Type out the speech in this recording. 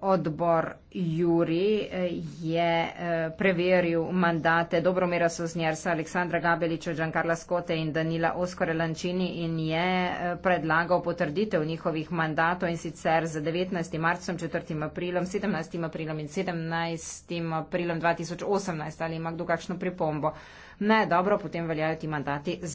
Odbor Juri eh, je eh, preveril mandate Dobromira Soznjersa, Aleksandra Gabeliča, Giancarla Skote in Danila Oskore Lančini in je eh, predlagal potrditev njihovih mandatov in sicer z 19. marcem, 4. aprilom, 17. aprilom in 17. aprilom 2018. Ali ima kdo kakšno pripombo? Ne, dobro, potem veljajo ti mandati